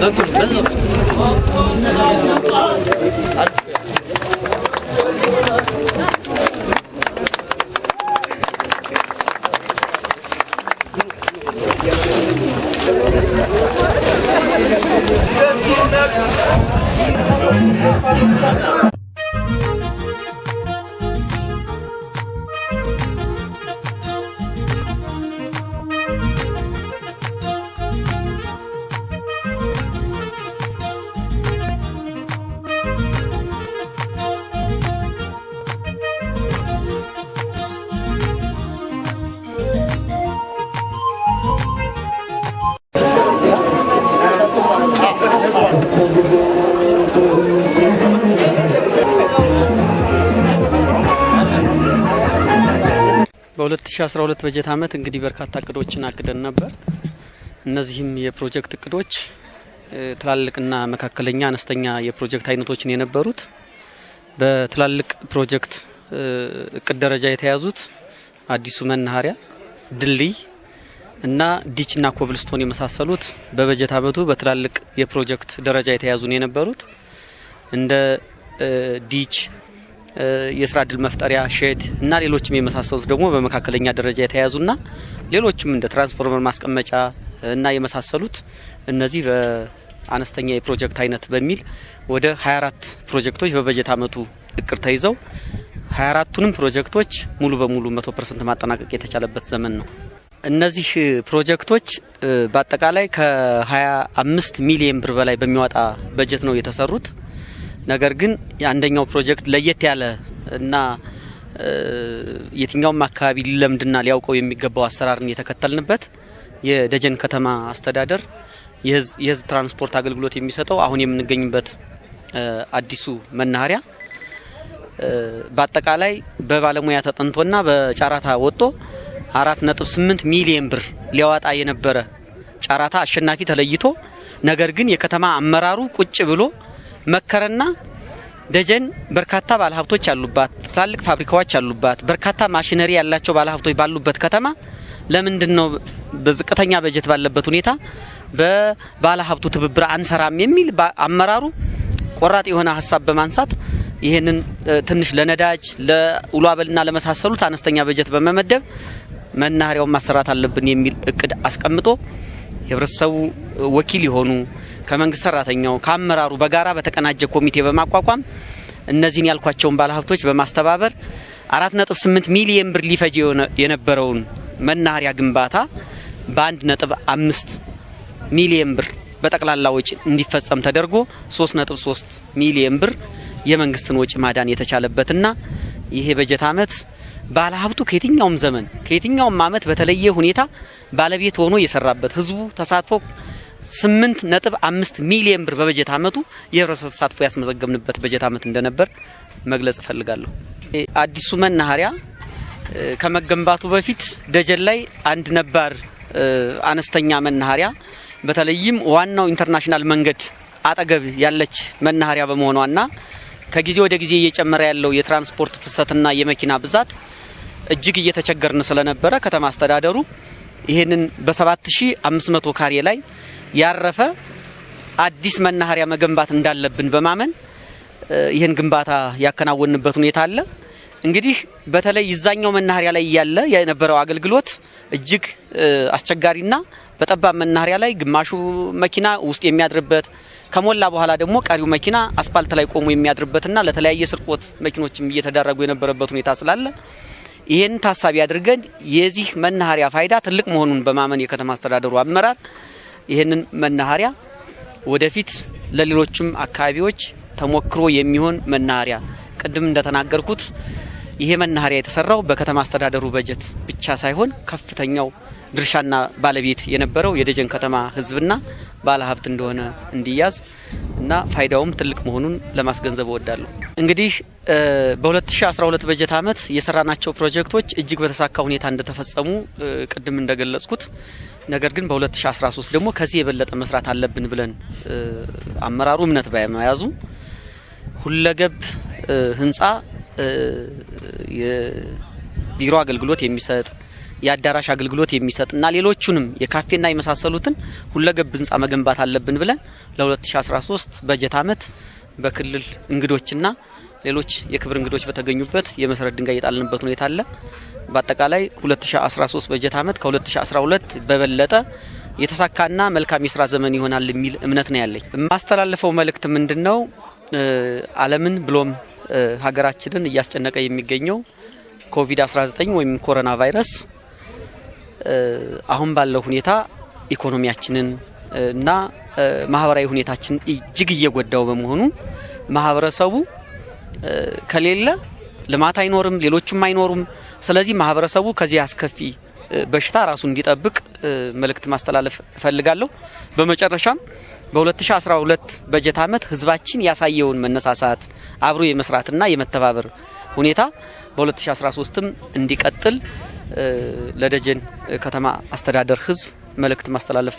Bakın bakın. Thank you. በ2012 በጀት ዓመት እንግዲህ በርካታ እቅዶችን አቅደን ነበር። እነዚህም የፕሮጀክት እቅዶች ትላልቅና መካከለኛ አነስተኛ የፕሮጀክት አይነቶችን የነበሩት በትላልቅ ፕሮጀክት እቅድ ደረጃ የተያዙት አዲሱ መናኸሪያ ድልድይ እና ዲችና ኮብልስቶን የመሳሰሉት በበጀት ዓመቱ በትላልቅ የፕሮጀክት ደረጃ የተያዙ የነበሩት እንደ ዲች የስራ እድል መፍጠሪያ ሼድ እና ሌሎችም የመሳሰሉት ደግሞ በመካከለኛ ደረጃ የተያዙና ሌሎችም እንደ ትራንስፎርመር ማስቀመጫ እና የመሳሰሉት እነዚህ በአነስተኛ የፕሮጀክት አይነት በሚል ወደ 24 ፕሮጀክቶች በበጀት አመቱ እቅድ ተይዘው 24ቱንም ፕሮጀክቶች ሙሉ በሙሉ 100% ማጠናቀቅ የተቻለበት ዘመን ነው። እነዚህ ፕሮጀክቶች በአጠቃላይ ከ25 ሚሊየን ብር በላይ በሚወጣ በጀት ነው የተሰሩት። ነገር ግን አንደኛው ፕሮጀክት ለየት ያለ እና የትኛውም አካባቢ ሊለምድና ሊያውቀው የሚገባው አሰራርን የተከተልንበት የደጀን ከተማ አስተዳደር የህዝብ ትራንስፖርት አገልግሎት የሚሰጠው አሁን የምንገኝበት አዲሱ መናኸሪያ በአጠቃላይ በባለሙያ ተጠንቶና በጨረታ ወጥቶ አራት ነጥብ ስምንት ሚሊየን ብር ሊያወጣ የነበረ ጨረታ አሸናፊ ተለይቶ ነገር ግን የከተማ አመራሩ ቁጭ ብሎ መከረና ደጀን በርካታ ባለሀብቶች ያሉባት ትላልቅ ፋብሪካዎች ያሉባት በርካታ ማሽነሪ ያላቸው ባለሀብቶች ባሉበት ከተማ ለምንድን ነው በዝቅተኛ በጀት ባለበት ሁኔታ በባለሀብቱ ትብብር አንሰራም የሚል አመራሩ ቆራጥ የሆነ ሀሳብ በማንሳት ይህንን ትንሽ ለነዳጅ ለውሎ አበልና ለመሳሰሉት አነስተኛ በጀት በመመደብ መናኸሪያውን ማሰራት አለብን የሚል እቅድ አስቀምጦ የህብረተሰቡ ወኪል የሆኑ ከመንግስት ሰራተኛው ከአመራሩ በጋራ በተቀናጀ ኮሚቴ በማቋቋም እነዚህን ያልኳቸውን ባለሀብቶች በማስተባበር ስምንት ሚሊየን ብር ሊፈጅ የነበረውን መናኸሪያ ግንባታ በአንድ ነጥብ አምስት ሚሊየን ብር በጠቅላላ ወጪ እንዲፈጸም ተደርጎ ሶስት ሚሊየን ብር የመንግስትን ወጪ ማዳን የተቻለበትና ይሄ በጀት አመት ባለሀብቱ ከየትኛውም ዘመን ከየትኛውም ዓመት በተለየ ሁኔታ ባለቤት ሆኖ የሰራበት ህዝቡ ተሳትፎ ስምንት ነጥብ አምስት ሚሊየን ብር በበጀት አመቱ የህብረተሰብ ተሳትፎ ያስመዘገብንበት በጀት አመት እንደነበር መግለጽ እፈልጋለሁ። አዲሱ መናኸሪያ ከመገንባቱ በፊት ደጀን ላይ አንድ ነባር አነስተኛ መናኸሪያ በተለይም ዋናው ኢንተርናሽናል መንገድ አጠገብ ያለች መናኸሪያ በመሆኗና ከጊዜ ወደ ጊዜ እየጨመረ ያለው የትራንስፖርት ፍሰትና የመኪና ብዛት እጅግ እየተቸገርን ስለነበረ ከተማ አስተዳደሩ ይህንን በ7500 ካሬ ላይ ያረፈ አዲስ መናኸሪያ መገንባት እንዳለብን በማመን ይህን ግንባታ ያከናወንበት ሁኔታ አለ። እንግዲህ በተለይ ይዛኛው መናኸሪያ ላይ እያለ የነበረው አገልግሎት እጅግ አስቸጋሪና በጠባብ መናኸሪያ ላይ ግማሹ መኪና ውስጥ የሚያድርበት ከሞላ በኋላ ደግሞ ቀሪው መኪና አስፓልት ላይ ቆሞ የሚያድርበትና ለተለያየ ስርቆት መኪኖችም እየተዳረጉ የነበረበት ሁኔታ ስላለ ይህን ታሳቢ አድርገን የዚህ መናኸሪያ ፋይዳ ትልቅ መሆኑን በማመን የከተማ አስተዳደሩ አመራር ይህንን መናኸሪያ ወደፊት ለሌሎችም አካባቢዎች ተሞክሮ የሚሆን መናኸሪያ ቅድም እንደተናገርኩት ይሄ መናኸሪያ የተሰራው በከተማ አስተዳደሩ በጀት ብቻ ሳይሆን ከፍተኛው ድርሻና ባለቤት የነበረው የደጀን ከተማ ህዝብና ባለሀብት እንደሆነ እንዲያዝ እና ፋይዳውም ትልቅ መሆኑን ለማስገንዘብ እወዳለሁ። እንግዲህ በ2012 በጀት ዓመት የሰራናቸው ፕሮጀክቶች እጅግ በተሳካ ሁኔታ እንደተፈጸሙ ቅድም እንደገለጽኩት፣ ነገር ግን በ2013 ደግሞ ከዚህ የበለጠ መስራት አለብን ብለን አመራሩ እምነት ባለመያዙ ሁለገብ ህንፃ የቢሮ አገልግሎት የሚሰጥ የአዳራሽ አገልግሎት የሚሰጥ እና ሌሎቹንም የካፌና የመሳሰሉትን ሁለገብ ህንፃ መገንባት አለብን ብለን ለ2013 በጀት ዓመት በክልል እንግዶችና ሌሎች የክብር እንግዶች በተገኙበት የመሰረት ድንጋይ የጣልንበት ሁኔታ አለ። በአጠቃላይ 2013 በጀት ዓመት ከ2012 በበለጠ የተሳካና መልካም የስራ ዘመን ይሆናል የሚል እምነት ነው ያለኝ። የማስተላለፈው መልእክት ምንድን ነው? ዓለምን ብሎም ሀገራችንን እያስጨነቀ የሚገኘው ኮቪድ-19 ወይም ኮሮና ቫይረስ አሁን ባለው ሁኔታ ኢኮኖሚያችንን እና ማህበራዊ ሁኔታችንን እጅግ እየጎዳው በመሆኑ ማህበረሰቡ ከሌለ ልማት አይኖርም፣ ሌሎችም አይኖሩም። ስለዚህ ማህበረሰቡ ከዚህ አስከፊ በሽታ ራሱ እንዲጠብቅ መልእክት ማስተላለፍ እፈልጋለሁ። በመጨረሻም በ2012 በጀት ዓመት ህዝባችን ያሳየውን መነሳሳት አብሮ የመስራትና የመተባበር ሁኔታ በ2013ም እንዲቀጥል ለደጀን ከተማ አስተዳደር ህዝብ መልእክት ማስተላለፍ